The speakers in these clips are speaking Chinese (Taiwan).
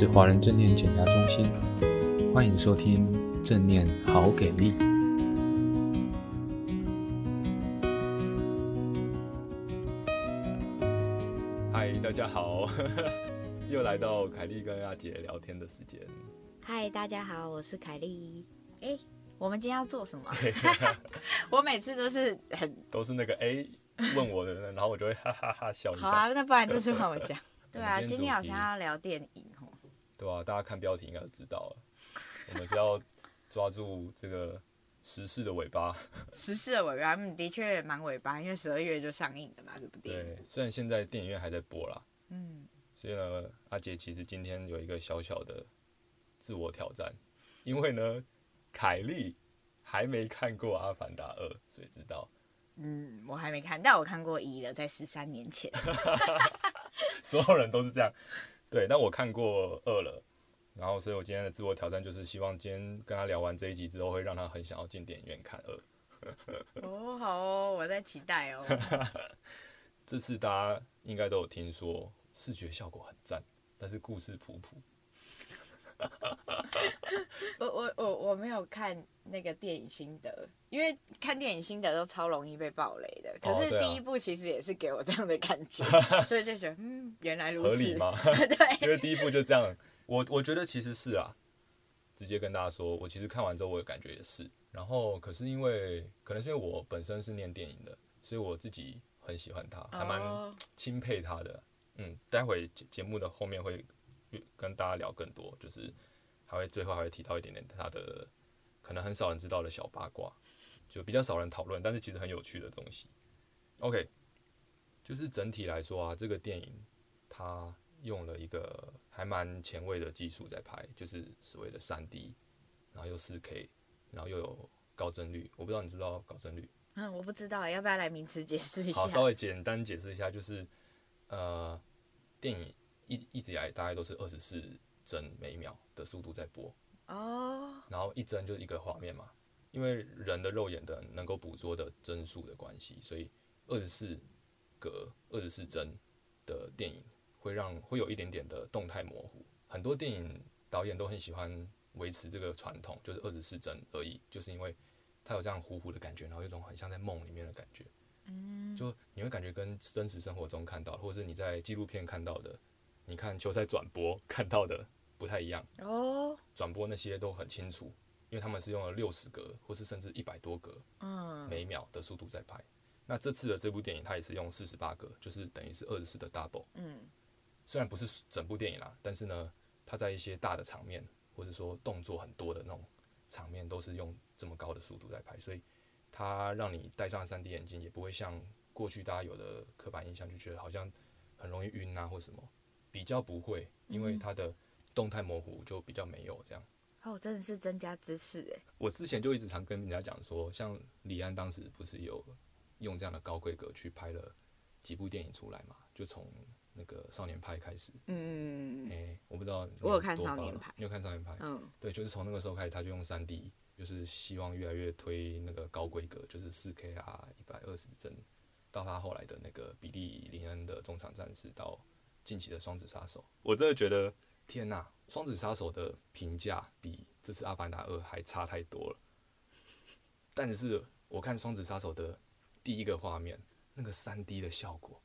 是華人正念減壓中心，歡迎收聽正念好給力。嗨，大家好，又來到凱莉跟阿杰聊天的時間。嗨，大家好，我是凱莉。哎、欸，我們今天要做什麼？ 我每次都是很都是那個哎問我的，然後我就會哈哈哈笑。好啊，那不然就是換我講。 對啊，今天，今天好像要聊電影。對啊，大家看標題應該就知道了。我們是要抓住這個時事的尾巴。 時事的尾巴，的確蠻尾巴，因為十二月就上映的嘛，這部、個、電影。對，雖然現在電影院還在播啦。嗯。所以呢，阿杰其實今天有一個小小的自我挑戰，因為呢，凱莉還沒看過《阿凡達二》，誰知道？嗯，我還沒看，但我看過一了，在十三年前。 所有人都是這樣。對，但我看過2了，然後，所以我今天的自我挑戰就是希望今天跟他聊完這一集之後，會讓他很想要進電影院看2。哦，好哦，我在期待哦。 這次大家應該都有聽說，視覺效果很讚，但是故事普普。 我我我我沒有看那個電影心得，因為看電影心得都超容易被爆雷的。可是第一部其實也是給我這樣的感覺，所以、哦啊、就，就覺得嗯，原來如此。合理嗎？ 對。因為第一部就這樣，我我覺得其實是啊，直接跟大家說，我其實看完之後我有感覺也是。然後可是因為可能是因為我本身是念電影的，所以我自己很喜歡他，還蠻欽佩他的。哦、嗯，待會節目的後面會。跟大家聊更多，就是還會最後還會提到一點點他的可能很少人知道的小八卦，就比較少人討論，但是其實很有趣的東西。OK，就是整體來說啊，這個電影它用了一個還蠻前衛的技術在拍，就是所謂的 3D，然後又 4K，然後又有高幀率。我不知道你知道高幀率？嗯，我不知道，要不要來名詞解釋一下？好，稍微簡單解釋一下，就是呃，電影。嗯一一直以來大概都是二十四幀每秒的速度在播，哦，然後一幀就是一個畫面嘛，因為人的肉眼的能夠捕捉的幀數的關係，所以二十四格、二十四幀的電影會讓會有一點點的動態模糊。很多電影導演都很喜歡維持這個傳統，就是二十四幀而已，就是因為它有這樣糊糊的感覺，然後有一種很像在夢裡面的感覺。嗯，就你會感覺跟真實生活中看到，或者是你在紀錄片看到的。你看球賽轉播看到的不太一樣哦，轉播那些都很清楚，因為他們是用了六十格或是甚至一百多格，每秒的速度在拍。那這次的這部電影，它也是用四十八格，就是等於是二十四的 double，嗯，雖然不是整部電影啦，但是呢，它在一些大的場面或者說動作很多的那種場面，都是用這麼高的速度在拍，所以它讓你戴上 3D 眼鏡，也不會像過去大家有的刻板印象就覺得好像很容易暈啊或什麼。比較不會，因為它的動態模糊就比較沒有這樣。哦，真的是增加知識、欸、我之前就一直常跟人家講說，像李安當時不是有用這樣的高規格去拍了幾部電影出來嘛？就從那個《少年派》開始。嗯嗯嗯嗯嗯。欸，我不知道你。我有看《少年派》。你有看《少年派》？嗯。對，就是從那個時候開始，他就用三 D，就是希望越來越推那個高規格，就是四 K 啊、一百二十幀，到他後來的那個比利·林恩的中場戰事到。近期的《雙子殺手》，我真的覺得天吶、啊，《雙子殺手》的評價比這次《阿凡達二》還差太多了。但是我看《雙子殺手》的第一個畫面，那個三 D 的效果，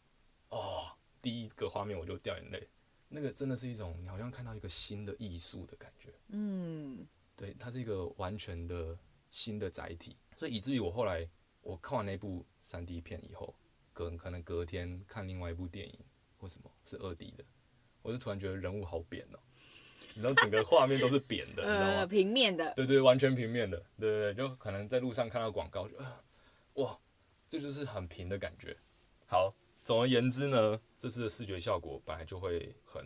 哦，第一個畫面我就掉眼淚。那個真的是一種你好像看到一個新的藝術的感覺。嗯，對，它是一個完全的新的載體，所以以至於我後來我看完那部三 D 片以後，隔可能隔天看另外一部電影。為什麼是二 D 的？我就突然覺得人物好扁哦、喔，你知道整個畫面都是扁的，你知道嗎？ 呃、平面的，對對，完全平面的，對對，對就可能在路上看到廣告就，就哇，這就是很平的感覺。好，總而言之呢，這次的視覺效果本來就會很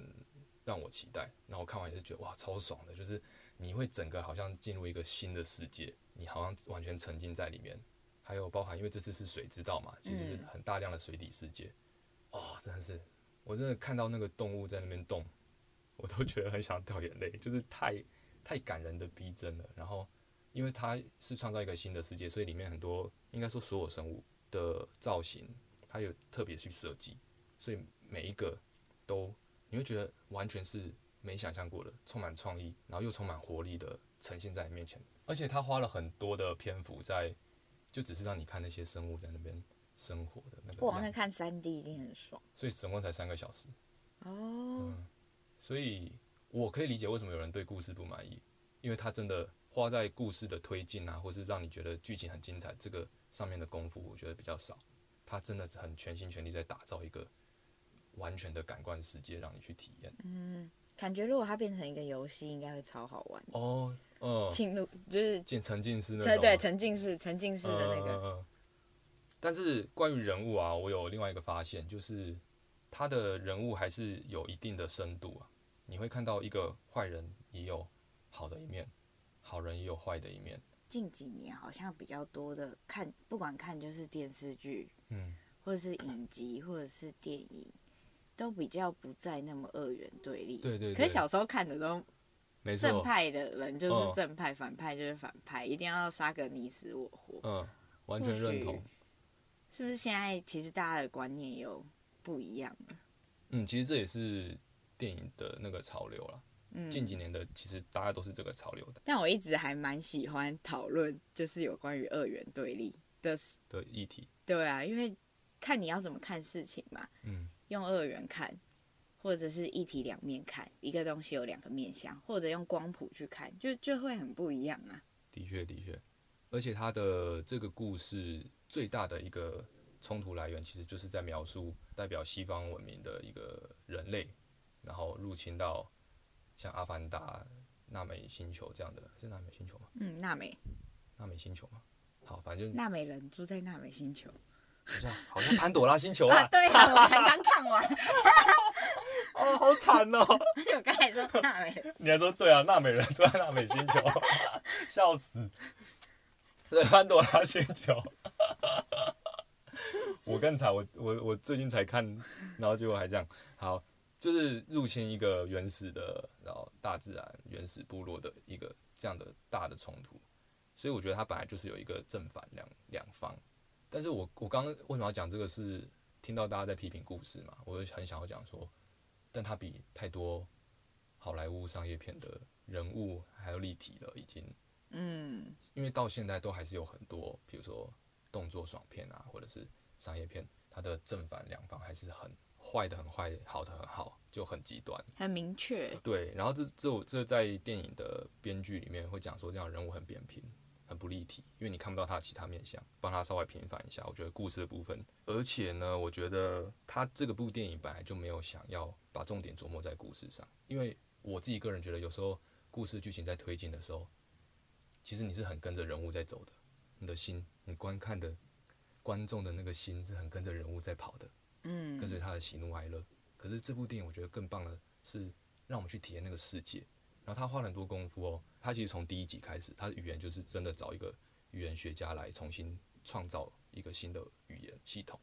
讓我期待，那我看完也是覺得哇超爽的，就是你會整個好像進入一個新的世界，你好像完全沉浸在裡面。還有包含，因為這次是水之道嘛，其實是很大量的水底世界，哦、嗯，真的是。我真的看到那個動物在那邊動，我都覺得很想掉眼淚，就是太太感人的逼真了。然後，因為它是創造一個新的世界，所以裡面很多應該說所有生物的造型，它有特別去設計，所以每一個都你會覺得完全是沒想象過的，充滿創意，然後又充滿活力的呈現在你面前。而且他花了很多的篇幅在，就只是讓你看那些生物在那邊。生活的那個，我好像看三 D 一定很爽，所以總共才三個小時。哦、嗯，所以我可以理解為什麼有人對故事不滿意，因為他真的花在故事的推進啊，或是讓你覺得劇情很精彩這個上面的功夫，我覺得比較少。他真的是很全心全力在打造一個完全的感官世界，讓你去體驗。嗯，感覺如果它變成一個遊戲，應該會超好玩。哦，嗯，進入就是進沉浸式，對對，沉浸式沉浸式的那個。嗯嗯嗯但是關於人物啊，我有另外一個發現，就是他的人物還是有一定的深度啊。你會看到一個壞人也有好的一面，好人也有壞的一面。近幾年好像比較多的看，不管看就是電視劇，嗯，或者是影集，或者是電影，都比較不再那麼二元對立。對，對對。可是小時候看的都，正派的人就是正派，沒錯，反派就是反派，嗯，一定要殺個你死我活。嗯，完全認同。是不是現在其實大家的觀念又不一樣了？嗯，其實這也是電影的那個潮流了。嗯，近幾年的其實大家都是這個潮流的。但我一直還蠻喜歡討論，就是有關於二元對立的的議題。對啊，因為看你要怎麼看事情嘛。嗯。用二元看，或者是一體兩面看，一個東西有兩個面向，或者用光譜去看，就就會很不一樣啊。的確，的確，而且他的這個故事。最大的一個衝突來源，其實就是在描述代表西方文明的一個人類，然後入侵到像《阿凡達》、納美星球這樣的，是納美星球嗎？嗯，納美。納美星球嗎？好，反正就。納美人住在納美星球。好像好像潘朵拉星球啊！ 啊對啊，我才剛，剛看完。 哦，好慘哦！ 我剛才說納美人。你還說對啊？納美人住在納美星球，笑，笑死。對，潘朵拉星球。我更慘我我我最近才看，然後結果還這樣。好，就是入侵一個原始的，然後大自然原始部落的一個這樣的大的衝突。所以我覺得它本來就是有一個正反兩兩方。但是我我剛剛為什麼要講這個是？是聽到大家在批評故事嘛？我就很想要講說，但它比太多好萊塢商業片的人物還要立體了已經。嗯。因為到現在都還是有很多，比如說動作爽片啊，或者是。商業片，它的正反兩方還是很壞的，很壞；好的很好，就很極端，很明確。對，然後這這我這在電影的編劇裡面會講說，這樣的人物很扁平，很不立體，因為你看不到他的其他面相，幫他稍微平反一下。我覺得故事的部分，而且呢，我覺得他這個部電影本來就沒有想要把重點琢磨在故事上，因為我自己個人覺得，有時候故事劇情在推進的時候，其實你是很跟着人物在走的，你的心，你觀看的。觀眾的那個心是很跟着人物在跑的，嗯，跟隨他的喜怒哀樂。可是這部電影我覺得更棒的是，讓我們去體驗那個世界。然後他花了很多功夫哦，他其實從第一集開始，他的語言就是真的找一個語言學家來重新創造一個新的語言系統，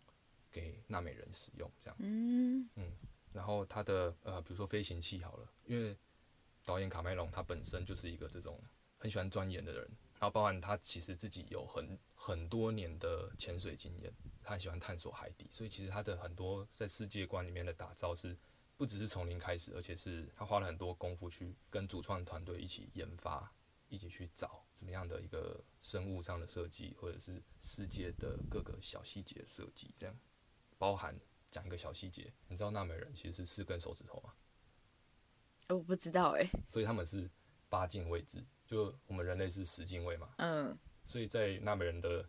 給納美人使用這樣。嗯，嗯，然後他的呃，比如說飛行器好了，因為導演卡麥隆他本身就是一個這種很喜歡鑽研的人。然後，包含他其實自己有很很多年的潛水經驗，他很喜歡探索海底，所以其實他的很多在世界觀裡面的打造是不只是從零開始，而且是他花了很多功夫去跟主創團隊一起研發，一起去找怎麼樣的一個生物上的設計，或者是世界的各個小細節設計，這樣，包含講一個小細節，你知道納美人其實是四根手指頭嗎？我不知道誒、欸。所以他們是八進位置。就我們人類是十進位嘛，嗯，所以在納美人的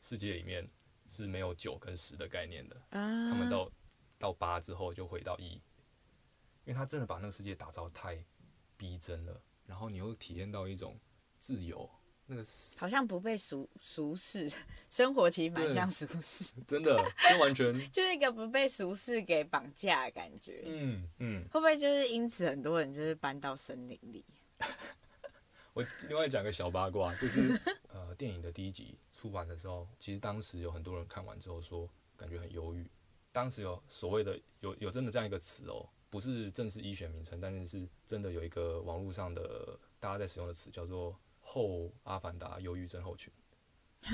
世界裡面是沒有九跟十的概念的，啊，他們到到八之後就回到一。因為他真的把那個世界打造太逼真了，然後你又體驗到一種自由，那個好像不被俗俗世生活，其實蠻像俗世，對 真的，就完全 就一個不被俗世給綁架的感覺，嗯嗯，嗯會不會就是因此很多人就是搬到森林裡？ 我另外講個小八卦，就是呃，電影的第一集出版的時候，其實當時有很多人看完之後說感覺很憂鬱。當時有所謂的有有真的這樣一個詞哦，不是正式醫學名稱，但是是真的有一個網絡上的大家在使用的詞叫做“後阿凡達憂鬱症候群”。啊，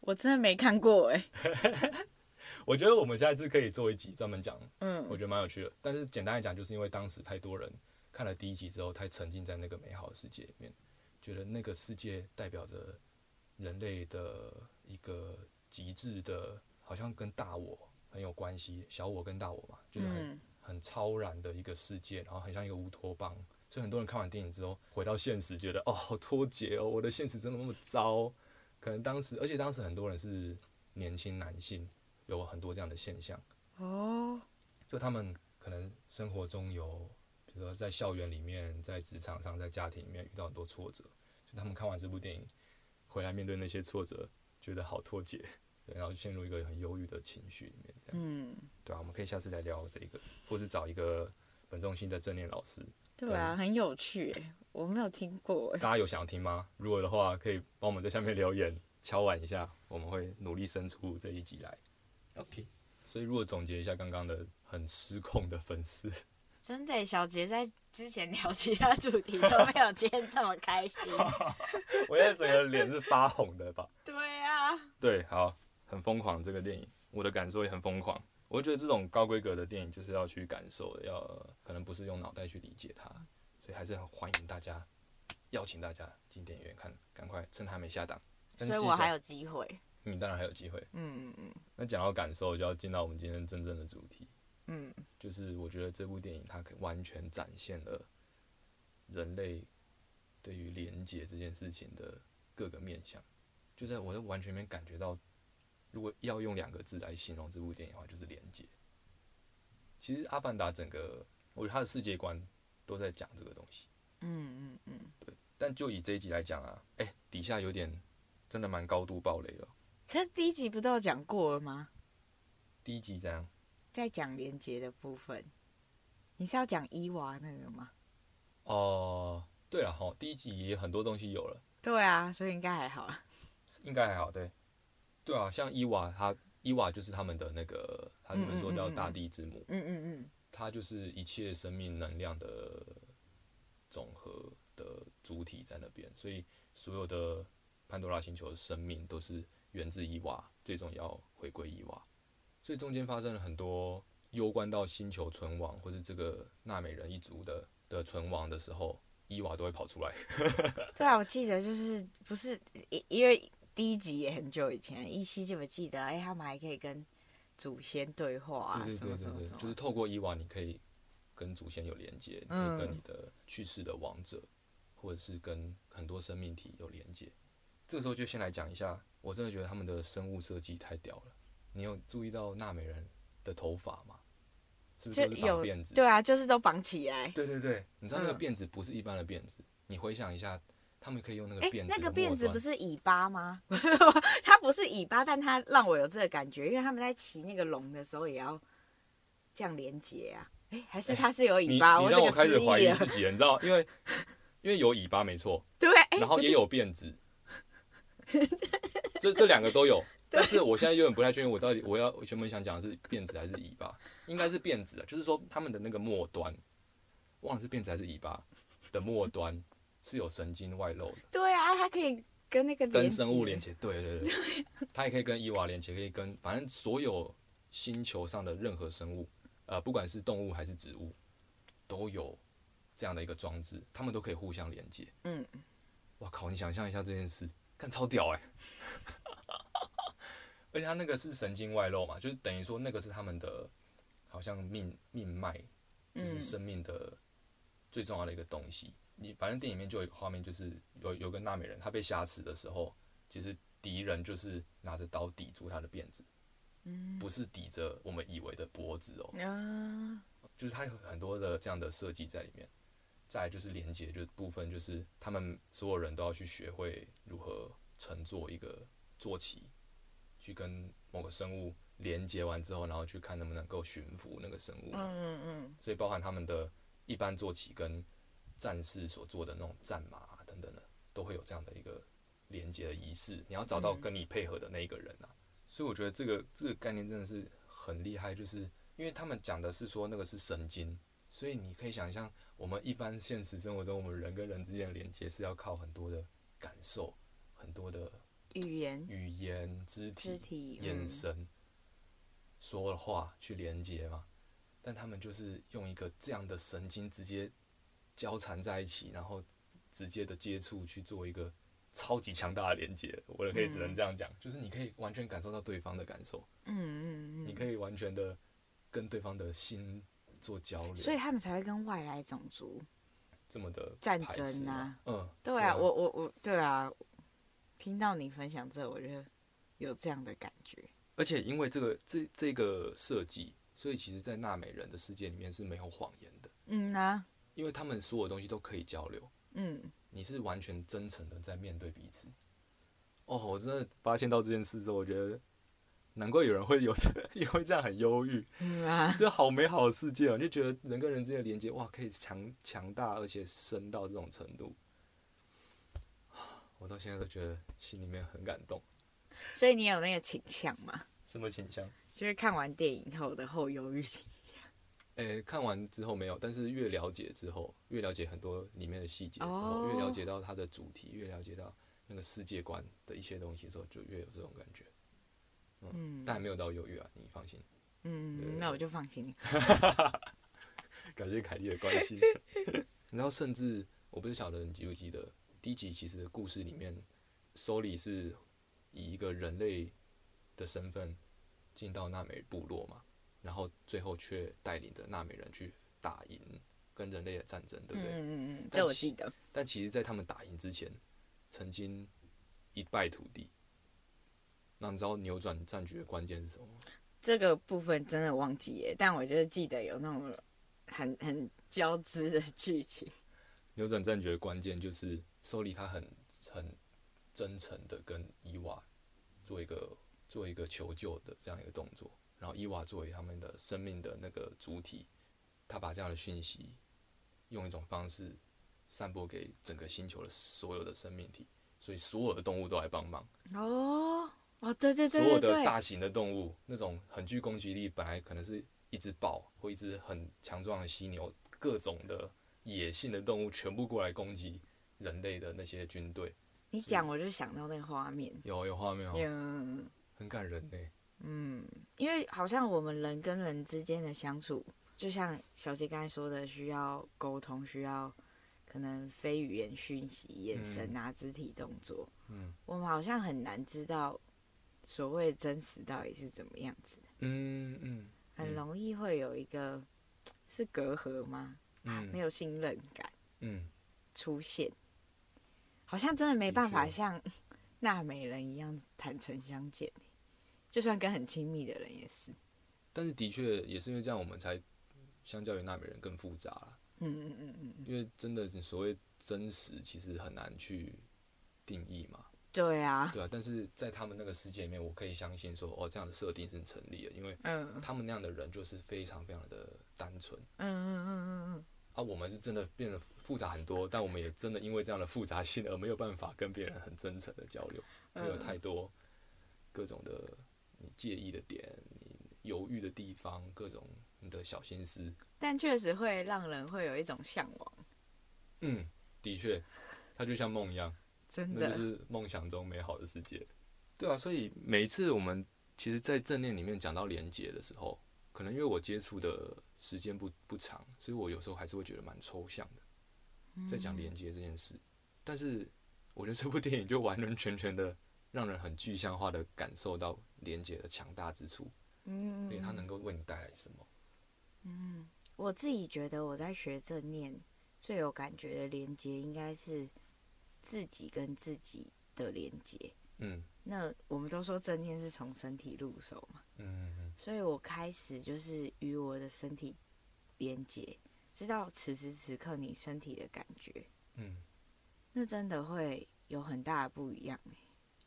我真的沒看過哎，欸。 我覺得我們下一次可以做一集專門講，嗯，我覺得蠻有趣的。但是簡單來講，就是因為當時太多人。看了第一集之後，他沉浸在那個美好的世界裡面，覺得那個世界代表着人類的一個極致的，好像跟大我很有關係，小我跟大我嘛，就是很很超然的一個世界，然後很像一個烏托邦。所以很多人看完電影之後，回到現實，覺得哦，好脫節哦，我的現實真的那麼糟？可能當時，而且當時很多人是年輕男性，有很多這樣的現象哦，就他們可能生活中有。在校園裡面，在職場上，在家庭裡面遇到很多挫折，就他們看完這部電影回來面對那些挫折，覺得好脫節，然後就陷入一個很憂鬱的情緒裡面。嗯。對啊，我們可以下次再聊這個，或是找一個本中心的正念老師。對啊，很有趣欸，我沒有聽過欸。大家有想聽嗎？如果的話，可以幫我們在下面留言敲碗一下，我們會努力生出這一集來。OK。所以如果總結一下剛剛的很失控的粉絲。真的，小杰在之前聊其他主題都沒有今天這麼開心。 我現在整個臉是發紅的吧？對啊。對，好，很瘋狂這個電影，我的感受也很瘋狂。我覺得這種高規格的電影就是要去感受的，要可能不是用腦袋去理解它，所以還是很歡迎大家，邀請大家進電影院看，趕快趁它沒下檔。所以我還有機會。你當然還有機會，嗯嗯嗯。那講到感受，就要進到我們今天真正的主題。嗯，就是我覺得這部電影它完全展現了人類對於連結這件事情的各個面向，就在我都完全沒感覺到。如果要用兩個字來形容這部電影的話，就是連結。其實《阿凡達》整個，我覺得它的世界觀都在講這個東西嗯。嗯嗯嗯。對，但就以這一集來講啊，哎、欸，底下有點真的蠻高度暴雷了。可是第一集不都講過了嗎？第一集這樣？在講連結的部分，你是要講伊娃那個嗎？哦、呃，對了，吼，第一集也很多東西有了。對啊，所以應該還好啊。應該還好，對。對啊，像伊娃，他伊娃就是他們的那個，他們說叫大地之母。嗯,嗯嗯嗯。他、嗯嗯嗯、就是一切生命能量的總和的主體在那邊，所以所有的潘多拉星球的生命都是源自伊娃，最終要回歸伊娃。所以中間發生了很多攸關到星球存亡，或是這個納美人一族的的存亡的時候，伊娃都會跑出來。 對啊，我記得就是不是因為第一集也很久以前，依稀就不記得，哎、欸，他們還可以跟祖先對話、啊，對對對對對，就是透過伊娃，你可以跟祖先有連接，就是跟你的去世的王者，嗯、或者是跟很多生命體有連接。這個時候就先來講一下，我真的覺得他們的生物設計太屌了。你有注意到納美人的頭髮嗎？是不是,就是就有辮子？對啊，就是都綁起來。對對對，嗯、你知道那個辮子不是一般的辮子。你回想一下，他們可以用那個辮子。哎、欸，那個辮子不是尾巴嗎？ 它不是尾巴，但它讓我有這個感覺，因為他們在騎那個龍的時候也要這樣連接啊。哎、欸，還是它是有尾巴？欸、你,我你讓我開始懷疑自己，你知道，因為因為有尾巴沒錯，對，欸、然後也有辮子，不這這兩個都有。但是我現在有點不太確定，我到底我要全部想講的是辮子還是尾巴？應該是辮子的，就是說他們的那個末端，忘了是辮子還是尾巴的末端是有神經外露的。對啊，它可以跟那個跟生物連接，對對對，對，它也可以跟伊娃連接，可以跟反正所有星球上的任何生物，呃，不管是動物還是植物，都有這樣的一個裝置，它們都可以互相連接。嗯，哇靠，你想象一下這件事，幹超屌哎、欸！而且他那個是神經外露嘛，就是等於說那個是他們的，好像命命脈，就是生命的最重要的一個東西。你、嗯、反正電影裡面就有一個畫面，就是有有個納美人，他被挾持的時候，其實敵人就是拿着刀抵住他的辮子，不是抵着我們以為的脖子哦，嗯、就是他有很多的這樣的設計在裡面。再來就是連接，就部分就是他們所有人都要去學會如何乘坐一個坐騎。去跟某個生物連接完之後，然後去看能不能夠馴服那個生物。嗯嗯嗯。所以包含他們的一般坐騎跟戰士所做的那種戰馬、啊、等等的，都會有這樣的一個連接的儀式。你要找到跟你配合的那一個人啊。所以我覺得這個這個概念真的是很厲害，就是因為他們講的是說那個是神經，所以你可以想象我們一般現實生活中我們人跟人之間的連接是要靠很多的感受，很多的。語言、語言、肢體、肢體眼神，嗯、說的話去連接嘛？但他們就是用一個這樣的神經直接交纏在一起，然後直接的接觸去做一個超級強大的連接。我也可以只能這樣講，嗯、就是你可以完全感受到對方的感受。嗯，嗯，嗯，你可以完全的跟對方的心做交流。所以他們才會跟外來種族、啊、這麼的戰爭啊？嗯，對啊，我我我對啊。聽到你分享之後，我就有這樣的感覺。而且因為這個這這個設計，所以其實，在納美人的世界裡面是沒有謊言的。嗯啊。因為他們所有東西都可以交流。嗯。你是完全真誠的在面對彼此。哦，我真的發現到這件事之後，我覺得難怪有人會有的，也會這樣很憂鬱。嗯啊。這好美好的世界啊，你就覺得人跟人之間的連接哇，可以強強大而且深到這種程度。我到現在都覺得心裡面很感動，所以你也有那個傾向嗎？什麼傾向？就是看完電影後的後憂鬱傾向。誒、欸，看完之後沒有，但是越了解之後，越了解很多裡面的細節之後，哦、越了解到它的主題，越了解到那個世界觀的一些東西之後，就越有這種感覺。嗯，嗯，但還沒有到憂鬱啊，你放心。嗯，對那我就放心了。 感謝凱莉的關心。然後 甚至我不是曉得你記不記得。第一集其實的故事裡面 Sully 是以一個人類的身份進到納美部落嘛，然後最後卻帶領着納美人去打贏跟人類的戰爭，嗯、對不對？嗯嗯嗯，這我記得。但其實，在他們打贏之前，曾經一敗塗地。那你知道扭轉戰局的關鍵是什麼嗎？這個部分真的忘記耶，但我就是記得有那種很很交織的劇情。扭轉戰局的關鍵就是，蘇里他很很真誠的跟伊娃做一個做一個求救的這樣一個動作，然後伊娃作為他們的生命的那個主體，他把這樣的訊息用一種方式散播給整個星球的所有的生命體，所以所有的動物都來幫忙。哦哦，對對對對，所有的大型的動物，那種很具攻擊力，本來可能是一隻豹或一隻很強壯的犀牛，各種的。野性的動物全部過來攻擊人類的那些軍隊，你講我就想到那個畫面，有有畫面、喔，嗯，很感人嘞、欸。嗯，因為好像我們人跟人之間的相處，就像小杰剛才說的，需要溝通，需要可能非語言訊息，眼神啊，嗯、肢體動作。嗯。我們好像很難知道所謂真實到底是怎麼樣子。嗯。嗯嗯。很容易會有一個是隔閡嗎？嗯、啊，沒有信任感。嗯，出現，好像真的沒辦法像納美人一樣坦誠相見，就算跟很親密的人也是。但是，的確也是因為這樣，我們才相較於納美人更複雜了。嗯嗯嗯嗯。因為真的是所謂真實，其實很難去定義嘛。對啊。對啊，但是在他們那個世界裡面，我可以相信說，哦，這樣的設定是成立的，因為他們那樣的人就是非常非常的單純。嗯嗯嗯嗯嗯。啊，我們是真的變得複雜很多，但我們也真的因為這樣的複雜性而沒有辦法跟別人很真誠的交流，沒有太多各種的你介意的點、你猶豫的地方、各種你的小心思。但確實會讓人會有一種嚮往。嗯，的確，它就像夢一樣，真的，那就是夢想中美好的世界。對啊，所以每一次我們其實，在正念裡面講到連結的時候，可能因為我接觸的。時間不不長，所以我有時候還是會覺得蠻抽象的，在講連結這件事。嗯、但是我覺得這部電影就完完全全的讓人很具象化的感受到連結的強大之處，嗯嗯，因為它能夠為你帶來什麼？嗯，我自己覺得我在學正念最有感覺的連結應該是自己跟自己的連結，嗯，那我們都說正念是從身體入手嘛，嗯。所以我開始就是與我的身體連接，知道此時此刻你身體的感覺，嗯，那真的會有很大的不一樣，欸。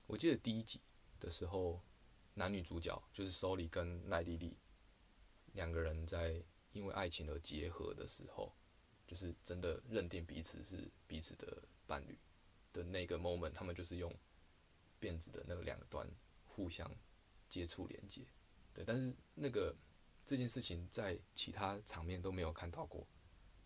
我記得第一集的時候，男女主角就是 Sully 跟奈莉莉兩個人在因為愛情而結合的時候，就是真的認定彼此是彼此的伴侶的那個 moment，他們就是用辮子的那個兩端互相接觸連接。對，但是那個這件事情在其他場面都沒有看到過。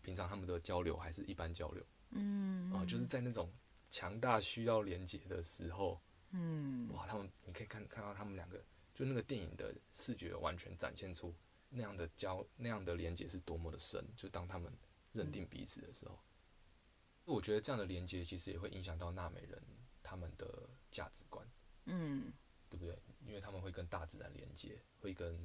平常他們的交流還是一般交流，嗯、啊，就是在那種強大需要連接的時候，嗯，哇，他們你可以看看到他們兩個，就那個電影的視覺完全展現出那樣的交那樣的連接是多麼的深。就當他們認定彼此的時候，嗯、我覺得這樣的連接其實也會影響到納美人他們的價值觀，嗯，對不對？因為他們會跟大自然連接，會跟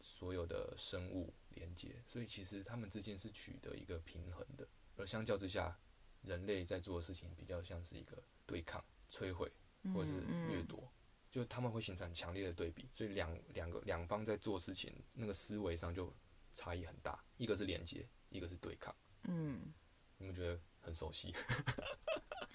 所有的生物連接，所以其實他們之間是取得一個平衡的。而相較之下，人類在做的事情比較像是一個對抗、摧毀或者是掠奪，嗯嗯、就他們會形成強烈的對比。所以兩兩個兩方在做事情，那個思維上就差異很大。一個是連接，一個是對抗。嗯，你們覺得很熟悉？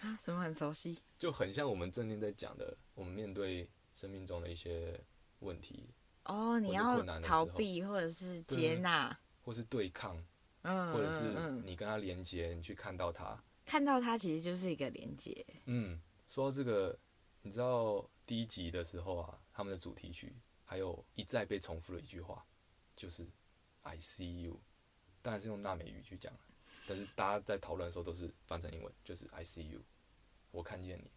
啊？ 什麼很熟悉？就很像我們正念在講的，我們面對。生命中的一些問題，哦、oh，你要逃避或者是接納，或是對抗，嗯，或者是你跟他連接，你去看到他，看到他其實就是一個連接。嗯，說到這個，你知道第一集的時候啊，他們的主題曲還有一再被重複的一句話，就是 “I see you”，當然是用納美語去講，但是大家在討論的時候都是翻成英文，就是 “I see you”，我看見你。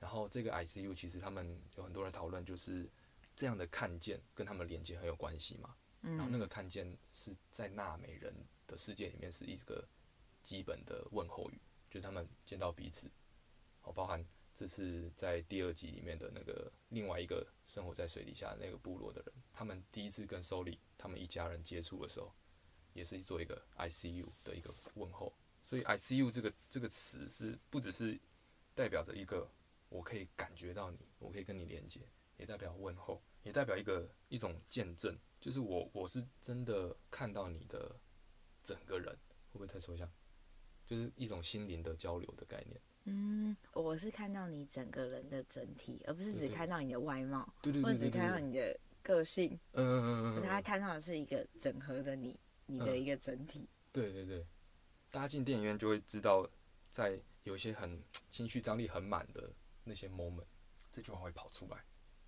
然後這個 I see you 其實他們有很多人討論，就是這樣的看見跟他們連接很有關係嘛。然後那個看見是在納美人的世界裡面是一個基本的問候語，就是他們見到彼此。哦，包含這次在第二集裡面的那個另外一個生活在水底下那個部落的人，他們第一次跟 Sully 他們一家人接觸的時候，也是做一個 I see you 的一個問候。所以 I see you 這個這個詞是不只是代表着一個。我可以感覺到你，我可以跟你連接，也代表問候，也代表一個一種見證，就是我我是真的看到你的整個人，會不會太抽象？就是一種心靈的交流的概念。嗯，我是看到你整個人的整體，而不是只看到你的外貌，對對對對對，或者只看到你的個性。嗯嗯嗯嗯，他看到的是一個整合的你，你的一個整體。呃、對對對，大家進電影院就會知道，在有些很情緒張力很滿的。那些 moment，這句話會跑出來，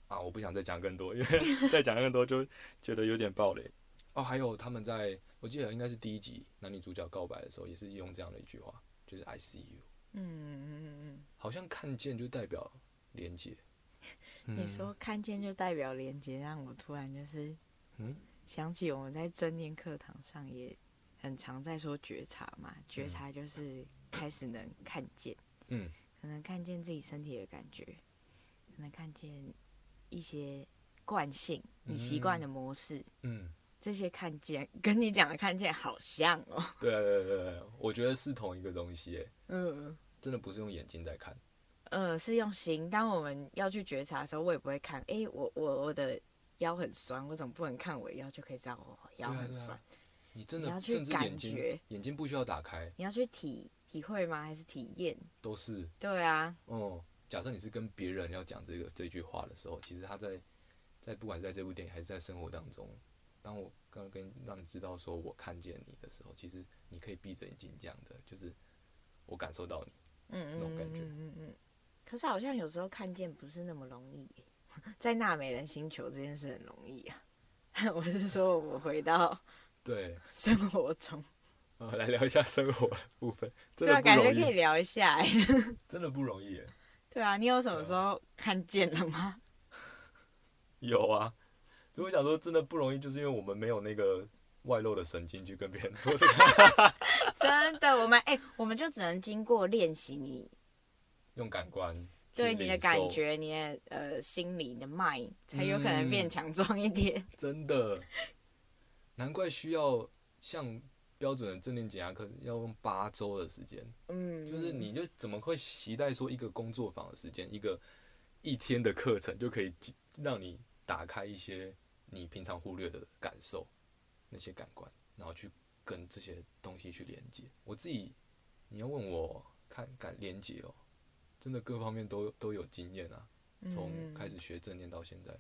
啊，我不想再講更多，因為再講更多就覺得有點爆雷。 哦，還有他們在，我記得應該是第一集男女主角告白的時候，也是用這樣的一句話，就是 I see you。嗯嗯嗯嗯，好像看見就代表連結。嗯、你說看見就代表連結，讓我突然就是，嗯，想起我們在正念課堂上也很常在說覺察嘛，嗯、覺察就是開始能看見。嗯。能看見自己身體的感覺，能看見一些慣性，嗯、你習慣的模式，嗯，這些看見跟你講的看見好像哦。對對對，我覺得是同一個東西，哎，嗯，真的不是用眼睛在看，呃，是用心。當我們要去覺察的時候，我也不會看，哎、欸，我我我的腰很酸，我怎麼不能看我的腰就可以知道我腰很酸？啊、你真的，你要去感覺，甚至眼睛，眼睛不需要打開，你要去體。體會嗎？還是體驗？都是對啊。哦、嗯，假設你是跟別人要講這個這句話的時候，其實他在在不管在這部電影還是在生活當中，當我剛剛跟讓你知道說我看見你的時候，其實你可以閉着眼睛講的，就是我感受到你嗯嗯嗯嗯嗯那種感覺。嗯嗯嗯嗯。可是好像有時候看見不是那麼容易。 在納美人星球這件事很容易啊。 我是說，我回到對生活中。呃、哦，來聊一下生活部分，對，啊感覺可以聊一下，欸， 真的不容易，欸。對啊，你有什麼時候看見了嗎？呃、有啊，如果想說真的不容易，就是因為我們沒有那個外露的神經去跟別人做這個。 真的，我們哎，欸，我們就只能經過練習，你用感官，對你的感覺，你的呃心理，你的 mind，才有可能變強壯一點，嗯。真的， 難怪需要像。標準的正念減壓課要用八周的時間，嗯，就是你就怎麼會期待說一個工作坊的時間，一個一天的課程就可以讓你打開一些你平常忽略的感受，那些感官，然後去跟這些東西去連接。我自己，你要問我看感連接哦，真的各方面都都有經驗啊，從開始學正念到現在，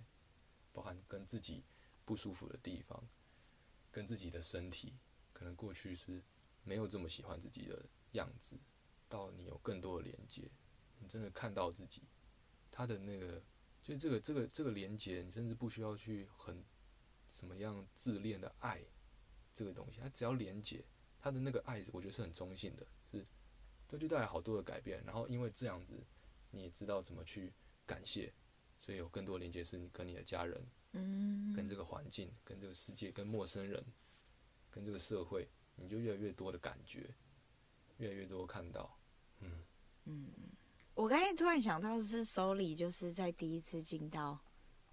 包含跟自己不舒服的地方，跟自己的身體。可能過去是沒有這麼喜歡自己的樣子，到你有更多的連接，你真的看到自己，他的那個，所以這個這個這個連接，你甚至不需要去很怎麼樣自戀的愛這個東西，他只要連接，他的那個愛，我覺得是很中性的，是這就帶來好多的改變，然後因為這樣子，你也知道怎麼去感謝，所以有更多的連接是你跟你的家人，跟這個環境，跟這個世界，跟陌生人。跟這個社會，你就越來越多的感覺，越來越多看到，嗯嗯，我剛才突然想到的是蘇里，就是在第一次進到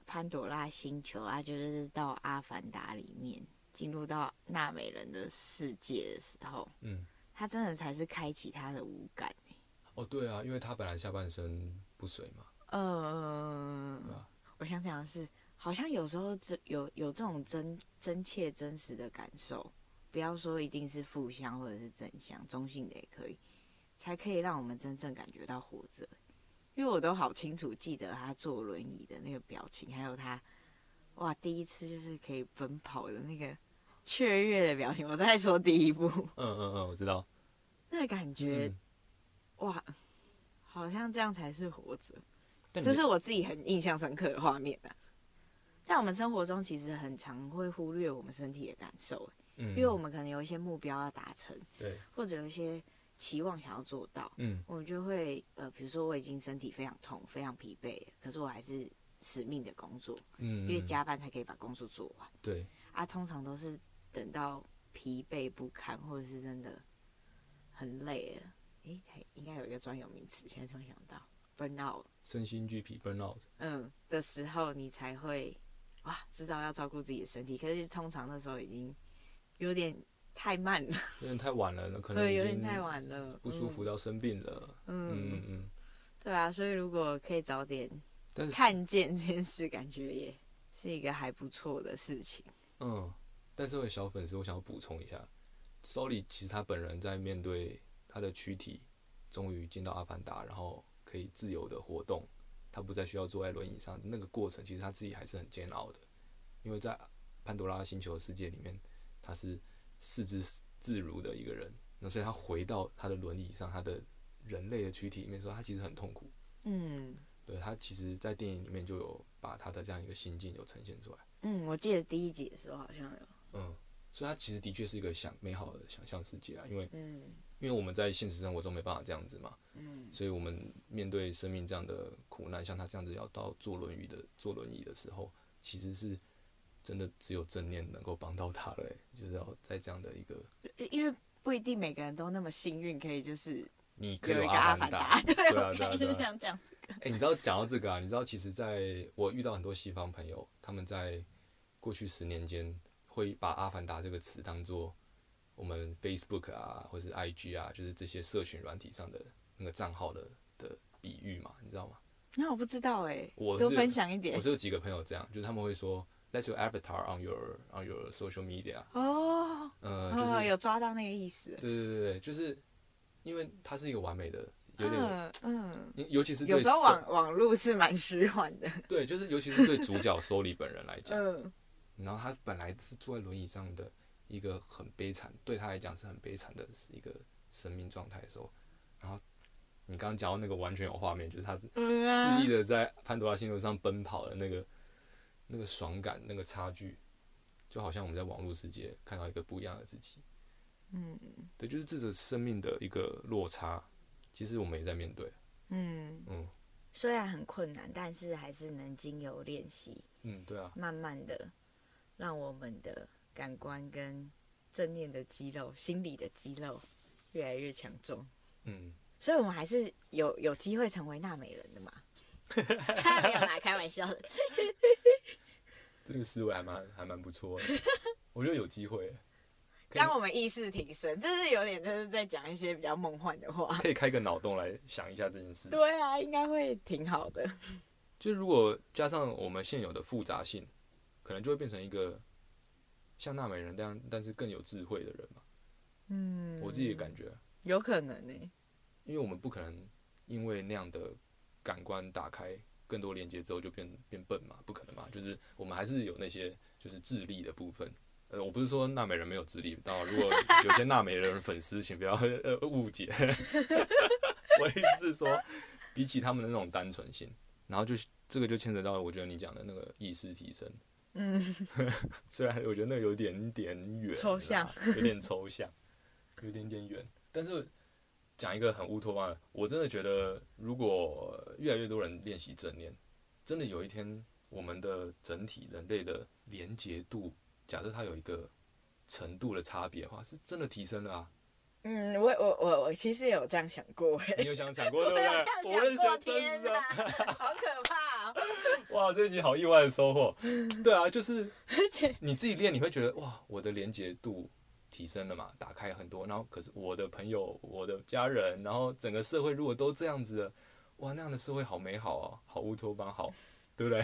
潘朵拉星球啊，就是到阿凡達裡面進入到納美人的世界的時候，嗯，他真的才是開啟他的五感、欸、哦，對啊，因為他本來下半身不遂嘛。嗯、呃，吧我想講的是。好像有時候這有有這種真真切真實的感受，不要說一定是負向或者是正向，中性的也可以，才可以讓我們真正感覺到活着。因為我都好清楚記得他坐輪椅的那個表情，還有他哇第一次就是可以奔跑的那個雀躍的表情。我在說第一部、嗯，嗯嗯嗯，我知道。那感覺、嗯、哇，好像這樣才是活着，你這是我自己很印象深刻的畫面啊。在我們生活中，其實很常會忽略我們身體的感受，嗯，因為我們可能有一些目標要達成，對，或者有一些期望想要做到，嗯，我們就會呃，比如說我已經身體非常痛，非常疲憊，可是我還是使命的工作，嗯，嗯，因為加班才可以把工作做完，對，啊，通常都是等到疲憊不堪，或者是真的很累了，才，欸、應該有一個專有名詞，現在突然想到 burn out，身心俱疲 burn out，嗯，的時候你才會。哇，知道要照顧自己的身體，可是通常那時候已經有點太慢了，有點太晚了，可能已經有點太晚了，不舒服到生病了。嗯嗯，嗯嗯嗯對啊，所以如果可以早點看見這件事，是感覺也是一個還不錯的事情。嗯，但是我的小粉絲，我想要補充一下 Sully 其實他本人在面對他的軀體，終於進到阿凡達，然後可以自由的活動。他不再需要坐在輪椅上，那個過程其實他自己還是很煎熬的，因為在潘多拉星球世界裡面，他是四肢自如的一個人，那所以他回到他的輪椅上，他的人類的軀體裡面說他其實很痛苦。嗯，對，他其實在電影裡面就有把他的這樣一個心境有呈現出來。嗯，我記得第一集的時候好像有。嗯，所以他其實的確是一個想美好的想象世界啊，因為嗯。因為我們在現實生活中沒辦法這樣子嘛，嗯，所以我們面對生命這樣的苦難，像他這樣子要到坐輪椅的坐輪椅的時候，其實是真的只有正念能夠幫到他了，就是要在這樣的一個，因為不一定每個人都那麼幸運，可以就是你可以有一個阿凡達，對，就是像這樣子。誒，欸，你知道講到這個啊，你知道其實在我遇到很多西方朋友，他們在過去十年間會把阿凡達這個詞當做。我們 Facebook 啊，或是 IG 啊，就是這些社群軟體上的那個賬號的的比喻嘛，你知道嗎？那、哦、我不知道哎、欸。我是多分享一點。我是有幾個朋友這樣，就是他們會說，Let's your avatar on your on your social media。哦。呃、嗯，有、就是哦、有抓到那個意思。對對對，對就是，因為它是一個完美的，有點嗯，嗯尤其是有時候網網路是蠻虛幻的。對，就是尤其是對主角蘇里本人來講，嗯、然後他本來是坐在輪椅上的。一個很悲慘，對他來講是很悲慘的是一個生命狀態的時候，然後你剛剛講到那個完全有畫面，就是他肆意的在潘多拉星球上奔跑的那個那個爽感，那個差距，就好像我們在網絡世界看到一個不一樣的自己，嗯，對，就是這個生命的一個落差，其實我們也在面對，嗯嗯，嗯，雖然很困難，但是還是能經由練習，嗯，對啊，慢慢的讓我們的。感官跟正念的肌肉、心理的肌肉越來越強壯，嗯，所以我們還是有有機會成為納美人的嘛？哈 沒有啦，開玩笑的， 這個思維還蠻還蠻不錯的，我覺得有機會。當我們意識提升，就是有點就是在講一些比較夢幻的話，可以開個腦洞來想一下這件事。 對啊，應該會挺好的。就是如果加上我們現有的複雜性，可能就會變成一個。像納美人這樣，但是更有智慧的人嘛，嗯，我自己感覺有可能呢、欸，因為我們不可能因為那樣的感官打開更多連接之後就變變笨嘛，不可能嘛，就是我們還是有那些就是智力的部分，呃，我不是說納美人沒有智力，但如果有些納美人粉絲請不要誤、 呃、解， 我意思是說比起他們的那種單純性，然後就這個就牽扯到我覺得你講的那個意識提升。嗯， 雖然我覺得那個有點點遠，抽象，有點抽象， 有點點遠。但是講一個很烏托邦，我真的覺得，如果越來越多人練習正念，真的有一天，我們的整體人類的連結度，假設它有一個程度的差別的話，是真的提升了啊。嗯，我我我我其實也有這樣想過、欸。你有想想過對不對？我有想過，擇擇擇天吶，好可怕。 哇，這一集好意外的收穫，對啊，就是，你自己練，你會覺得哇，我的連結度提升了嘛，打開很多，然後可是我的朋友、我的家人，然後整個社會如果都這樣子的，哇，那樣的社會好美好哦、啊，好烏托邦，好，對不對？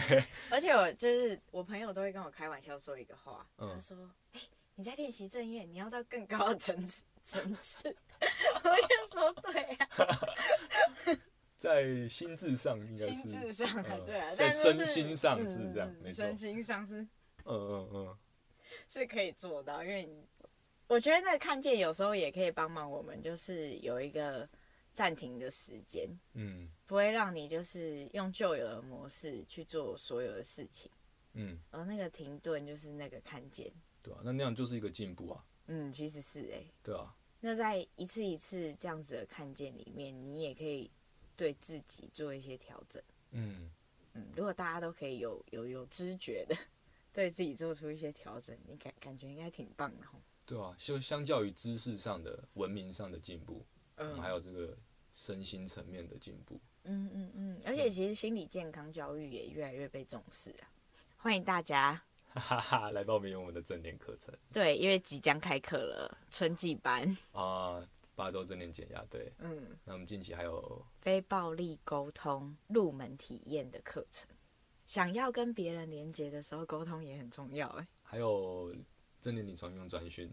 而且我就是我朋友都會跟我開玩笑說一個話，嗯、他說，欸、你在練習正念，你要到更高的層次，層次， 我就說對呀、啊。 在心智上應該是，心智上還對啊，身心上是這樣，沒錯，身心上是，嗯嗯嗯，嗯嗯是可以做到，因為我覺得那個看見有時候也可以幫忙我們，就是有一個暫停的時間，嗯，不會讓你就是用舊有的模式去做所有的事情，嗯，而、哦、那個停頓就是那個看見，對啊，那那樣就是一個進步啊，嗯，其實是誒、欸，對啊，那在一次一次這樣子的看見裡面，你也可以。對自己做一些調整，嗯嗯，如果大家都可以有有有知覺的對自己做出一些調整，你感感覺應該挺棒的吼。對啊，就相較於知識上的文明上的進步，嗯，還有這個身心層面的進步，嗯嗯嗯，嗯，而且其實心理健康教育也越來越被重視啊，歡迎大家哈哈哈，哈來報名我們的正念課程。對，因為即將開課了，春季班啊。嗯。八週正念減壓，對，嗯，那我們近期還有非暴力溝通入門體驗的課程，想要跟別人連接的時候，溝通也很重要，哎，還有正念臨床運用專訓，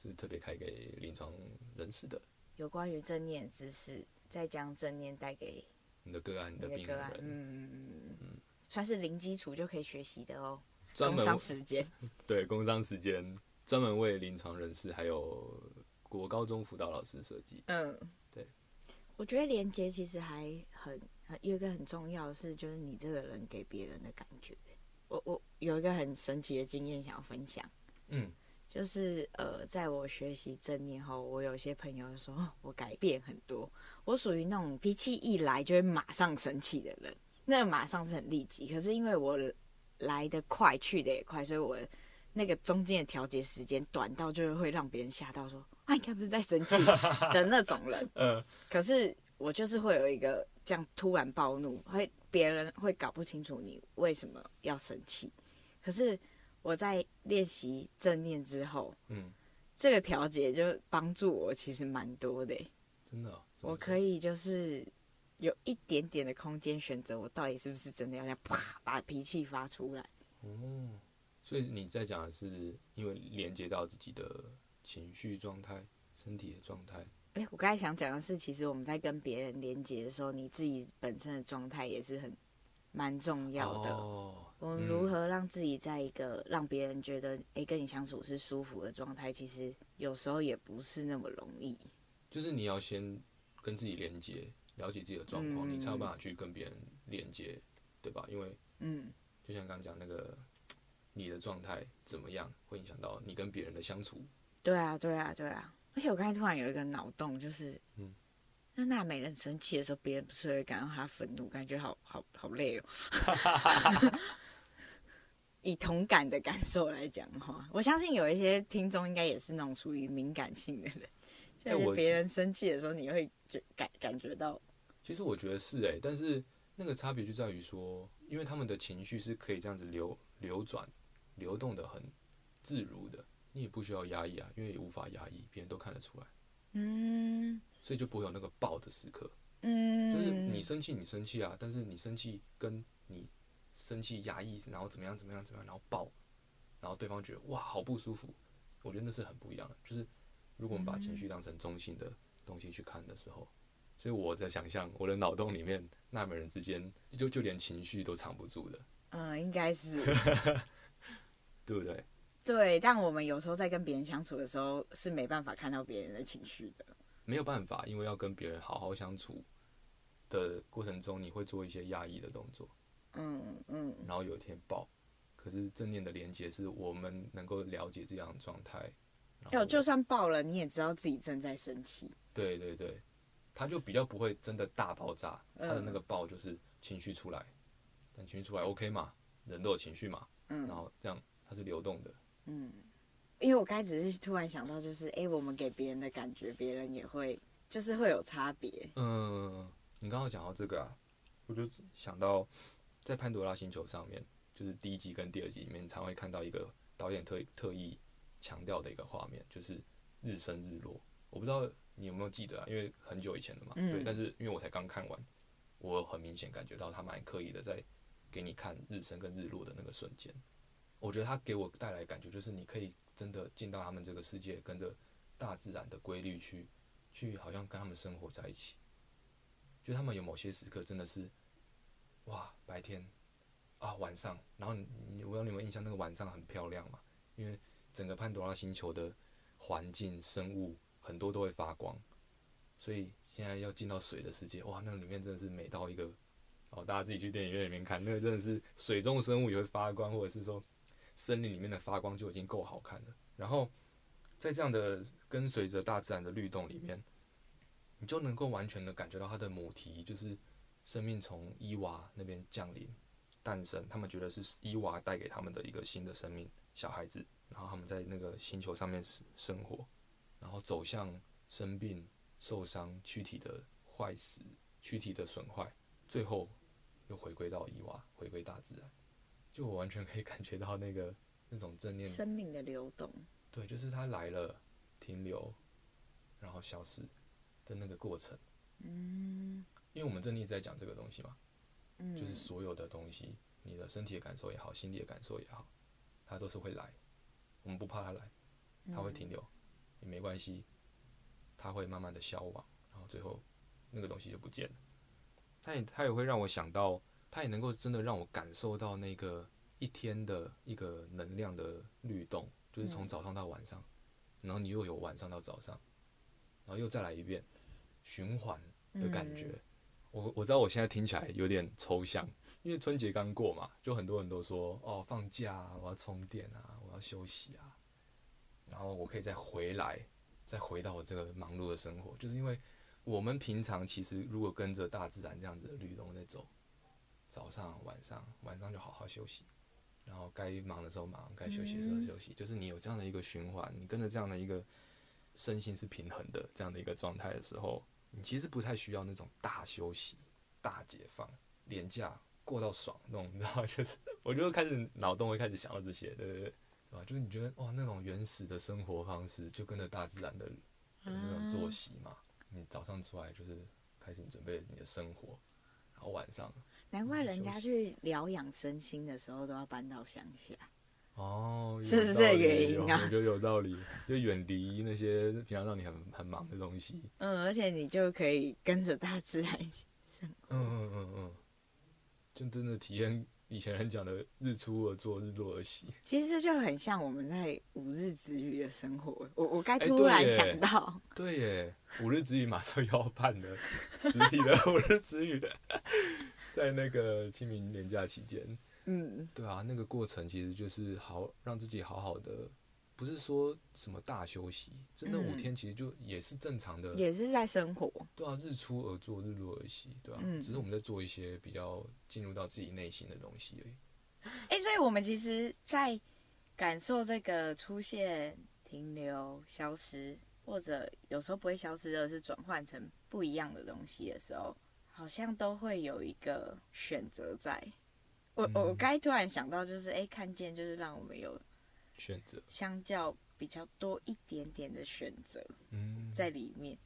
是特別開給臨床人士的，有關於正念知識，再將正念帶給你的個案，你的病人。嗯，算是零基礎就可以學習的哦，門工商時間，對，工商時間，專門為臨床人士，還有。我高中輔導老師設計，嗯，對，我覺得連結其實還很、很有一個很重要的事，就是你這個人給別人的感覺。我我有一個很神奇的經驗想要分享，嗯，就是呃，在我學習正念後，我有些朋友說我改變很多。我屬於那種脾氣一來就會馬上生氣的人，那個，馬上是很立即，可是因為我來得快，去得也快，所以我那個中間的調節時間短到就是會讓別人嚇到說，他應該不是在生氣的那種人， 嗯、可是我就是會有一個這樣突然暴怒，會別人會搞不清楚你為什麼要生氣。可是我在練習正念之後，嗯，這個調節就幫助我其實蠻多的，真的。哦，我可以就是有一點點的空間選擇，我到底是不是真的要這樣啪把脾氣發出來。哦，所以你在講的是因為連接到自己的。情緒狀態，身體的狀態。哎，我剛才想講的是，其實我們在跟別人連接的時候，你自己本身的狀態也是很蠻重要的。哦，嗯，我們如何讓自己在一個讓別人覺得哎，跟你相處是舒服的狀態？其實有時候也不是那麼容易。就是你要先跟自己連接，了解自己的狀況，嗯，你才有辦法去跟別人連接，對吧？因為，嗯，就像剛剛講那個，你的狀態怎麼樣，會影響到你跟別人的相處。對啊，對啊，對啊！而且我剛才突然有一個腦洞，就是，嗯，那納美人生氣的時候，別人不是會感到他憤怒，感覺好好好累哦？ 以同感的感受來講的話，我相信有一些聽眾應該也是那種屬於敏感性的人，就是、欸、別人生氣的時候，我你會感感覺到。其實我覺得是哎、欸，但是那個差別就在於說，因為他們的情緒是可以這樣子流流轉、流動的很自如的。你也不需要壓抑啊，因為也無法壓抑，別人都看得出來。嗯，所以就不會有那個爆的時刻。嗯，就是你生氣，你生氣啊，但是你生氣跟你生氣壓抑，然後怎麼樣怎麼樣怎麼樣，然後爆，然後對方覺得哇好不舒服，我覺得那是很不一樣的。就是如果我們把情緒當成中性的東西去看的時候，所以我在想象我的腦洞裡面，嗯、納美人之間就就連情緒都藏不住的。嗯，應該是， 對不對？對，但我們有時候在跟別人相處的時候，是沒辦法看到別人的情緒的。沒有辦法，因為要跟別人好好相處的過程中，你會做一些壓抑的動作。嗯嗯。嗯，然後有一天爆，可是正念的連接是我們能夠了解這樣的狀態。哦，就算爆了，你也知道自己正在生氣。對對對，他就比較不會真的大爆炸，嗯。他的那個爆就是情緒出來，情緒出來 OK 嘛，人都有情緒嘛。嗯。然後這樣，它是流動的。嗯，因為我剛才，只是突然想到，就是哎、欸，我們給別人的感覺，別人也會就是會有差別。嗯，你剛剛講到這個啊，我就想到在《潘多拉星球》上面，就是第一集跟第二集裡面，常會看到一個導演特特意強調的一個畫面，就是日升日落。我不知道你有沒有記得啊，因為很久以前了嘛。嗯、對，但是因為我才剛看完，我很明顯感覺到他蠻刻意的在給你看日升跟日落的那個瞬間。我覺得他給我帶來感覺就是，你可以真的進到他們這個世界，跟着大自然的規律去，去好像跟他們生活在一起。就他們有某些時刻真的是，哇，白天啊、晚上，然後你，你有沒有印象，那個晚上很漂亮嘛，因為整個潘多拉星球的環境生物很多都會發光，所以現在要進到水的世界，哇，那個裡面真的是美到一個，哦，大家自己去電影院裡面看，那個真的是水中的生物也會發光，或者是說。森林裡面的發光就已經夠好看了，然後在這樣的跟隨着大自然的律動裡面，你就能夠完全的感覺到它的母題，就是生命從伊娃那邊降臨、誕生。他們覺得是伊娃帶給他們的一個新的生命，小孩子。然後他們在那個星球上面生活，然後走向生病、受傷、軀體的壞死、軀體的損壞，最後又回歸到伊娃，回歸大自然。就我完全可以感覺到那個那種正念生命的流動，對，就是它來了，停留，然後消失的那個過程。嗯，因為我們正念一直在講這個東西嘛，嗯、就是所有的東西，你的身體的感受也好，心理的感受也好，它都是會來，我們不怕它來，它會停留，嗯、也沒關係，它會慢慢的消亡，然後最後那個東西就不見了。它也它也會讓我想到。它也能夠真的讓我感受到那個一天的一個能量的律動，就是從早上到晚上，然後你又有晚上到早上，然後又再來一遍循環的感覺。我我知道我現在聽起來有點抽象，因為春節剛過嘛，就很多人都說哦，放假啊，我要充電啊，我要休息啊，然後我可以再回來，再回到我這個忙碌的生活。就是因為我們平常其實如果跟着大自然這樣子的律動在走。早上、晚上，晚上就好好休息，然後該忙的時候忙，該休息的時候休息，嗯、就是你有這樣的一個循環，你跟着這樣的一個身心是平衡的這樣的一個狀態的時候，你其實不太需要那種大休息、大解放、連假過到爽那種，你知道，就是我就開始腦洞會開始想到這些，對不對？對吧？就是你覺得哇，那種原始的生活方式，就跟着大自然的，的那種作息嘛，嗯、你早上出來就是開始準備你的生活，然後晚上。難怪人家去療養身心的時候都要搬到鄉下、嗯，哦，是不是這個原因啊？我覺得有道理，就遠離那些平常讓你很很忙的東西。嗯，而且你就可以跟着大自然一起生活。嗯嗯嗯嗯,嗯，就真的體驗以前人講的日“日出而作，日落而息”。其實就很像我們在五日之旅的生活。我我該突然想到，欸、對耶，五日之旅馬上要辦了 實體的五日之旅。在那個清明年假期間，嗯，對啊，那個過程其實就是好讓自己好好的，不是說什麼大休息，真的、嗯、五天其實就也是正常的，也是在生活。對啊，日出而作，日落而息，對啊。嗯，只是我們在做一些比較進入到自己內心的東西而已。哎、欸，所以我們其實，在感受這個出現、停留、消失，或者有時候不會消失，而是轉換成不一樣的東西的時候。好像都會有一個選擇在我，嗯我，我我我剛突然想到，就是哎、欸，看見就是讓我們有選擇，相較比較多一點點的選擇嗯在裡面。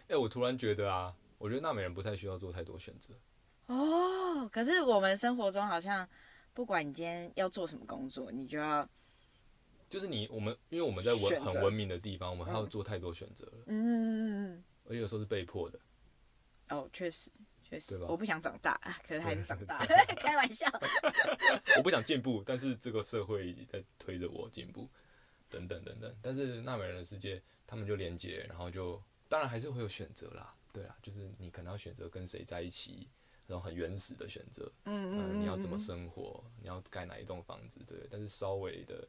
哎、嗯、欸，我突然覺得啊，我覺得納美人不太需要做太多選擇。哦，可是我們生活中好像，不管你今天要做什麼工作，你就要，就是你我們因為我們在文擇很文明的地方，我們還要做太多選擇了嗯嗯嗯嗯嗯，而且有時候是被迫的。哦，確實，確實，吧我不想長大，可是還是長大，對開玩笑。 我不想進步，但是這個社會在推着我進步，等等等等。但是納美人的世界，他們就連接，然後就當然還是會有選擇啦，對啦，就是你可能要選擇跟誰在一起，然後很原始的選擇，嗯嗯，嗯，嗯，你要怎麼生活，你要蓋哪一棟房子，對。但是稍微的，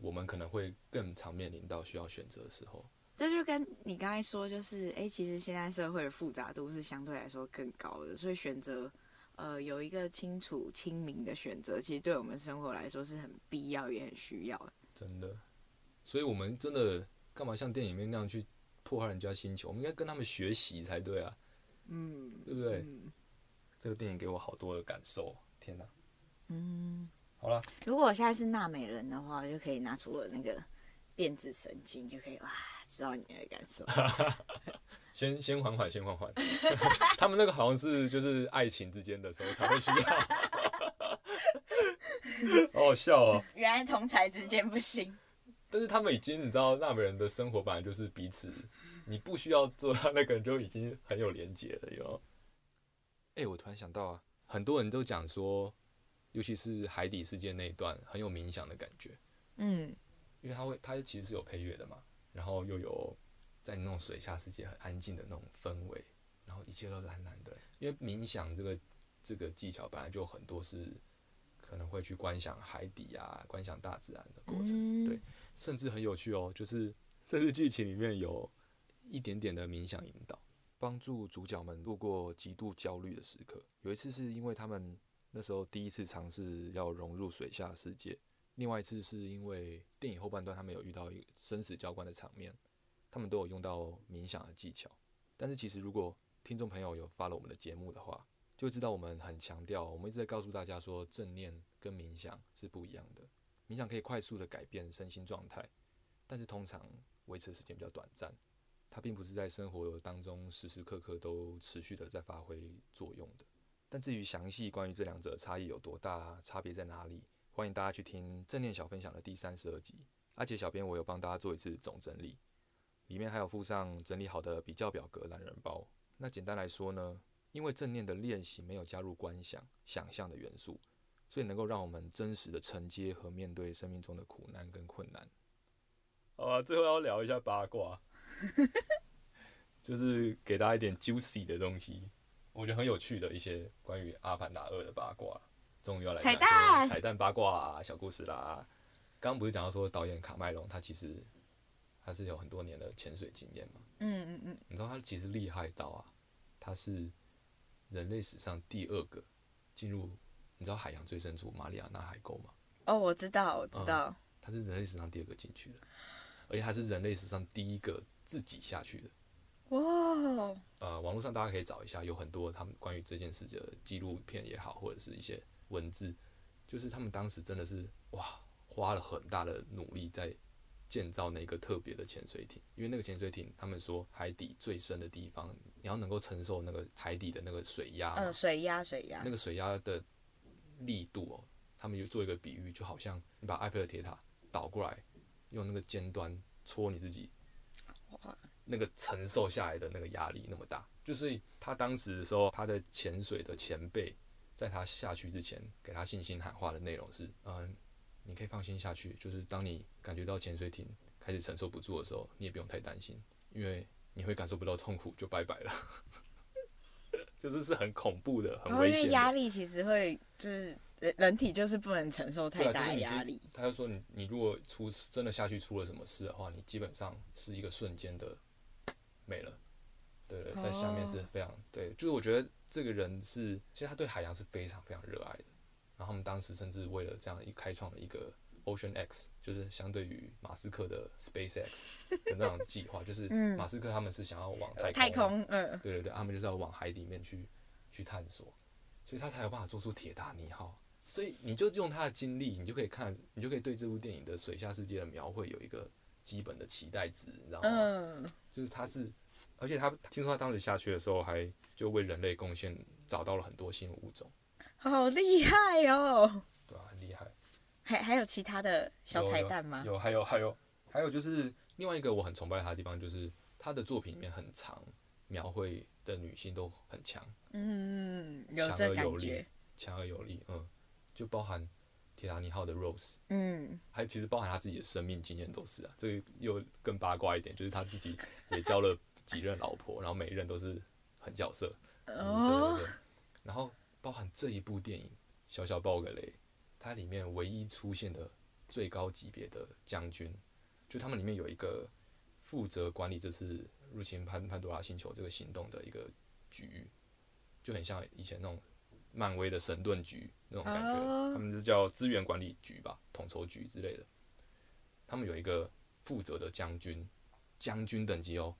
我們可能會更常面臨到需要選擇的時候。這就跟你剛才說，就是哎、欸，其實現在社會的複雜度是相對來說更高的，所以選擇呃有一個清楚清明的選擇，其實對我們生活來說是很必要也很需要的，真的，所以我們真的幹嘛像電影裡面那樣去破壞人家星球？我們應該跟他們學習才對啊。嗯。對不對？嗯、這個電影給我好多的感受，天哪。嗯。好了啦。如果我現在是娜美人的話，我就可以拿出我那個變質神經就可以哇。知道你的感受 先，先緩緩先緩緩，先緩緩。他們那個好像是就是愛情之間的時候才會需要， 好好笑哦。原來同儕之間不行。 但是他們已經你知道，納美人的生活本來就是彼此，你不需要做他那個就已經很有連結了。喲。哎，我突然想到啊，很多人都講說，尤其是海底世界那一段很有冥想的感覺。嗯，因為他會他其實是有配樂的嘛。然後又有在那種水下世界很安靜的那種氛圍，然後一切都是藍藍的。因為冥想這個這個技巧本來就很多是可能會去觀想海底啊、觀想大自然的過程，嗯、對，甚至很有趣哦，就是甚至劇情裡面有一點點的冥想引導，幫助主角們度過極度焦慮的時刻。有一次是因為他們那時候第一次嘗試要融入水下的世界。另外一次是因為電影後半段他們有遇到一個生死交關的場面，他們都有用到冥想的技巧。但是其實如果聽眾朋友有 follow 我們的節目的話，就會知道我們很強調，我們一直在告訴大家說，正念跟冥想是不一樣的。冥想可以快速地改變身心狀態，但是通常維持的時間比較短暫，它並不是在生活當中時時刻刻都持續的在發揮作用的。但至於詳細關於這兩者差異有多大，差別在哪裡？歡迎大家去聽正念小分享的第三十二集。而且小編，我有幫大家做一次總整理，裡面還有附上整理好的比較表格、懶人包。那簡單來說呢，因為正念的練習沒有加入觀想、想象的元素，所以能夠讓我們真實的承接和面對生命中的苦難跟困難。好啊，最後要聊一下八卦， 就是給大家一點 juicy 的東西，我覺得很有趣的一些關於《阿凡達二》的八卦。終於要來彩蛋，彩蛋八卦、啊、小故事啦。剛剛不是講到說導演卡麥隆他其實他是有很多年的潛水經驗嘛。嗯嗯嗯。你知道他其實厲害到啊，他是人類史上第二個進入，你知道海洋最深處馬里亞納海溝嗎？哦，我知道，我知道。他是人類史上第二個進去的，而且他是人類史上第一個自己下去的。哇。呃，網絡上大家可以找一下，有很多他們關於這件事的紀錄片也好，或者是一些。文字，就是他們當時真的是哇，花了很大的努力在建造那個特別的潛水艇，因為那個潛水艇，他們說海底最深的地方，你要能夠承受那個海底的那個水壓、呃。水壓，水壓。那個水壓的力度，喔，他們就做一個比喻，就好像你把埃菲爾鐵塔倒過來，用那個尖端戳你自己，哇，那個承受下來的那個壓力那麼大，就是他當時的時候，他的潛水的前輩。在他下去之前，給他信心喊話的內容是：嗯，你可以放心下去。就是當你感覺到潛水艇開始承受不住的時候，你也不用太擔心，因為你會感受不到痛苦，就拜拜了。 就是是很恐怖的，很危險。哦，因為壓力其實會，就是人人體就是不能承受太大的壓力、就是。他就說你：你你如果出真的下去出了什麼事的話，你基本上是一個瞬間的沒了。對對，在下面是非常、哦、對，就是我覺得。這個人是，其實他對海洋是非常非常熱愛的。然後他們當時甚至為了這樣一開創了一個 Ocean X，就是相對於馬斯克的 SpaceX 的那種計劃，就是馬斯克他們是想要往太空、啊嗯，太空，嗯、對對對，他們就是要往海裡面去去探索，所以他才有辦法做出鐵達尼號。所以你就用他的經歷，你就可以看，你就可以對這部電影的水下世界的描繪有一個基本的期待值，你知道嗎？嗯、就是他是，而且他聽說他當時下去的時候還。就為人類貢獻找到了很多新的物，物種，好厲害哦、喔！ 對啊，很厲害。還還有其他的小彩蛋嗎？有，還有，有還，有還有，還有就是另外一個我很崇拜他的地方，就是他的作品裡面很長、嗯、描繪的女性都很強。嗯，有這個感覺。強而有力，強而有力。嗯，就包含《鐵達尼號》的 Rose，嗯，還其實包含他自己的生命經驗都是啊，這個、又更八卦一點，就是他自己也交了幾任老婆， 然後每一任都是。角色，嗯 oh. 對對對，然後包含這一部電影《小小爆個雷》，它裡面唯一出現的最高級別的將軍，就他們裡面有一個負責管理這次入侵潘潘多拉星球這個行動的一個局，就很像以前那種漫威的神盾局那種感覺，他們就叫資源管理局吧，統籌局之類的。他們有一個負責的將軍，將軍等級哦，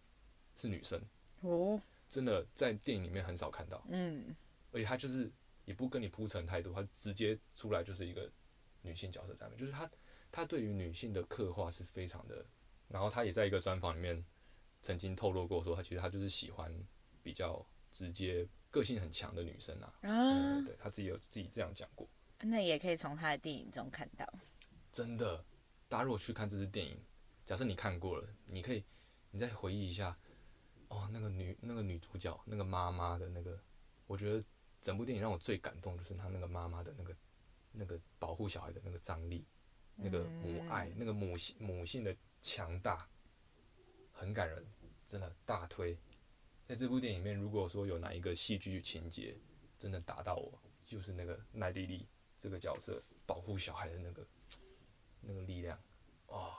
是女生哦。Oh. 真的在電影裡面很少看到，嗯，而且他就是也不跟你鋪陳太多，他直接出來就是一個女性角色在裡面，就是他他對於女性的刻畫是非常的，然後他也在一個專訪裡面曾經透露過說，他其實他就是喜歡比較直接、個性很強的女生啊，哦，嗯，對，他自己有自己這樣講過。那也可以從他的電影中看到，真的，大家如果去看這支電影，假設你看過了，你可以你再回憶一下。哦，那個女，那個女主角，那個媽媽的那個，我覺得整部電影讓我最感動的就是她那個媽媽的那個，那個保護小孩的那個張力，那個母愛，那個母性母性的強大，很感人，真的大推。在這部電影裡面，如果說有哪一個戲劇情節，真的打到我，就是那個奈蒂莉這個角色保護小孩的那個，那個力量，哦。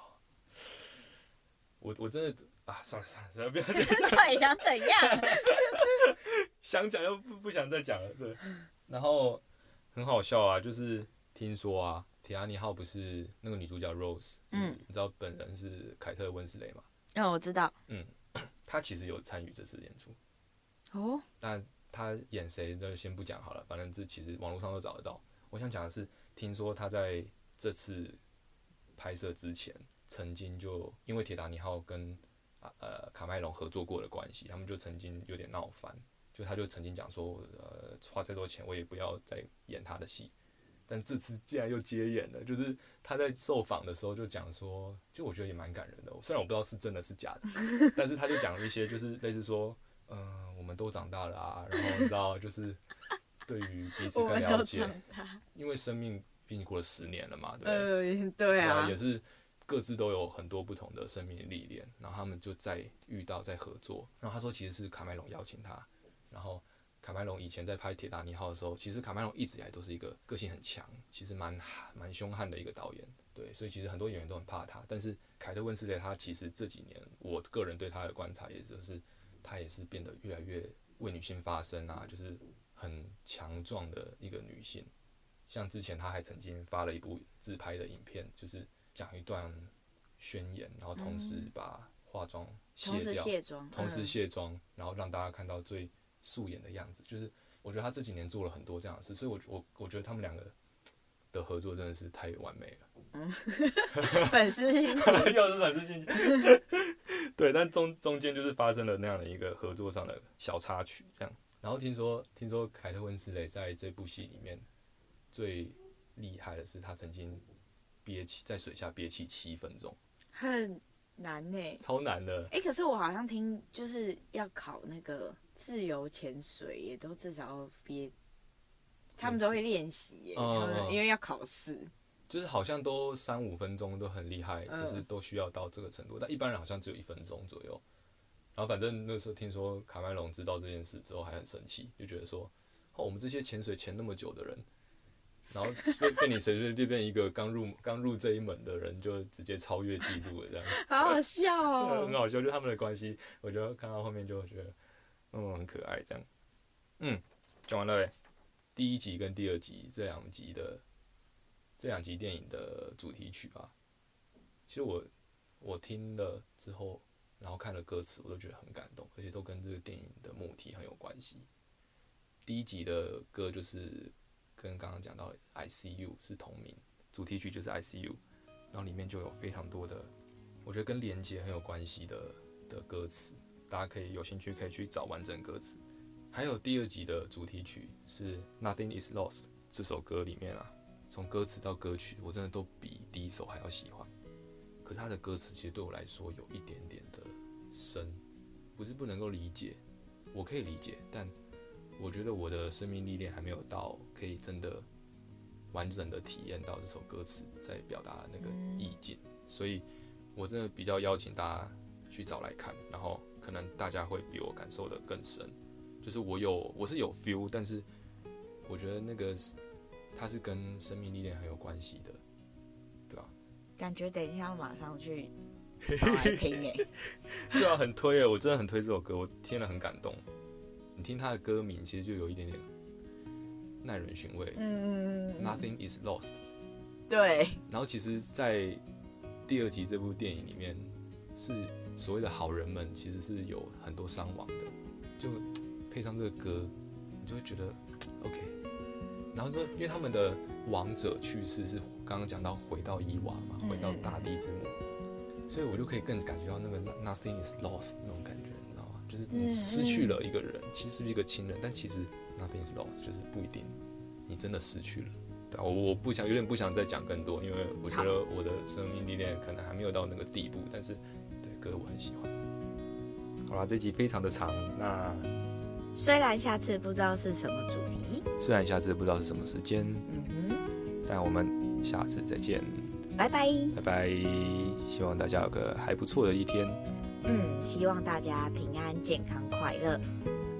我我真的啊，算了算了算了，不要講。 到底想怎樣？ 想講又不不想再講了，對。然後很好笑啊，就是聽說啊，《鐵達尼號》不是那個女主角 Rose，嗯，你知道本人是凱特溫斯雷嘛？嗯、哦，我知道。嗯，她其實有參與這次演出。哦。但她演誰那就先不講好了，反正這其實網絡上都找得到。我想講的是，聽說她在這次拍攝之前。曾經就因為鐵達尼號跟呃卡麥隆合作過的關係，他們就曾經有點鬧翻。就他就曾經講說，呃，花再多錢我也不要再演他的戲。但這次竟然又接演了，就是他在受訪的時候就講說，就我覺得也蠻感人的。雖然我不知道是真的是假的，但是他就講一些就是類似說，嗯、呃，我們都長大了啊，然後你知道就是對於彼此更了解，要因為生命畢竟過了十年了嘛，對不對？呃、對啊，也是。各自都有很多不同的生命的歷練，然後他們就再遇到，再合作。然後他說，其實是卡麥隆邀請他。然後卡麥隆以前在拍《鐵達尼號》的時候，其實卡麥隆一直以來都是一個個性很強，其實蠻蠻凶悍的一個導演。對，所以其實很多演員都很怕他。但是凱特溫絲蕾他其實這幾年，我個人對他的觀察，也就是他也是變得越來越為女性發聲啊，就是很強壯的一個女性。像之前他還曾經發了一部自拍的影片，就是。講一段宣言，然後同時把化妝卸掉、嗯，同時卸妝、嗯，然後讓大家看到最素顏的樣子。就是我覺得他這幾年做了很多這樣的事，所以我我我覺得他們兩個的合作真的是太完美了。嗯、粉絲心，又 是粉絲心。 對，但中中間就是發生了那樣的一個合作上的小插曲，這樣。然後聽說聽說凱特溫斯雷在這部戲裡面最厲害的是他曾經。憋氣在水下憋氣七分鐘很難呢、欸，超難的。哎、欸，可是我好像聽就是要考那個自由潛水，也都至少要憋，他們都會練習耶，因為要考試，就是好像都三五分鐘都很厲害，就是都需要到這個程度。嗯、但一般人好像只有一分鐘左右。然後反正那時候聽說卡麥隆知道這件事之後還很生氣，就覺得說，哦，我們這些潛水潛那麼久的人。 然後被你隨隨便便一個剛入剛入這一門的人就直接超越記錄了，這樣。 好好笑哦、喔， 很好笑，就他們的關係，我就看到後面就覺得，嗯，很可愛這樣。嗯，講完了，第一集跟第二集這兩集的，這兩集電影的主題曲吧。其實我我聽了之後，然後看了歌詞，我都覺得很感動，而且都跟這個電影的母題很有關係。第一集的歌就是。跟剛剛講到的 I See You 是同名主題曲，就是 I See You，然後裡面就有非常多的，我覺得跟連結很有關係的的歌詞，大家可以有興趣可以去找完整歌詞。還有第二集的主題曲是 Nothing Is Lost，這首歌裡面啊，從歌詞到歌曲，我真的都比第一首還要喜歡。可是它的歌詞其實對我來說有一點點的深，不是不能夠理解，我可以理解，但。我覺得我的生命歷練還沒有到可以真的完整的體驗到這首歌詞在表達那個意境，嗯，所以我真的比較邀請大家去找來看，然後可能大家會比我感受得更深。就是我有我是有 feel，但是我覺得那個它是跟生命歷練很有關係的，對吧，啊？感覺等一下要馬上去找來聽 對啊，很推誒，我真的很推這首歌，我聽了很感動。你聽他的歌名，其實就有一點點耐人尋味。嗯，Nothing is lost。對。然後其實，在第二集這部電影裡面，是所謂的好人們其實是有很多傷亡的。就配上這個歌，你就會覺得 OK。然後說，因為他們的王者去世，是剛剛講到回到伊娃嘛，回到大地之母，嗯嗯，所以我就可以更感覺到那個 Nothing is lost 那種感。就是你失去了一個人，嗯嗯、其實是一個親人，但其實 nothing is lost，就是不一定你真的失去了。我我不想，有點不想再講更多，因為我覺得我的生命歷練可能還沒有到那個地步。好但是，對歌我很喜歡。好啦，這集非常的長。那雖然下次不知道是什麼主題，雖然下次不知道是什麼時間，嗯哼、嗯，但我們下次再見，拜拜，拜拜，希望大家有個還不錯的一天。嗯，希望大家平安、健康、快樂。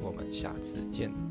我們下次見。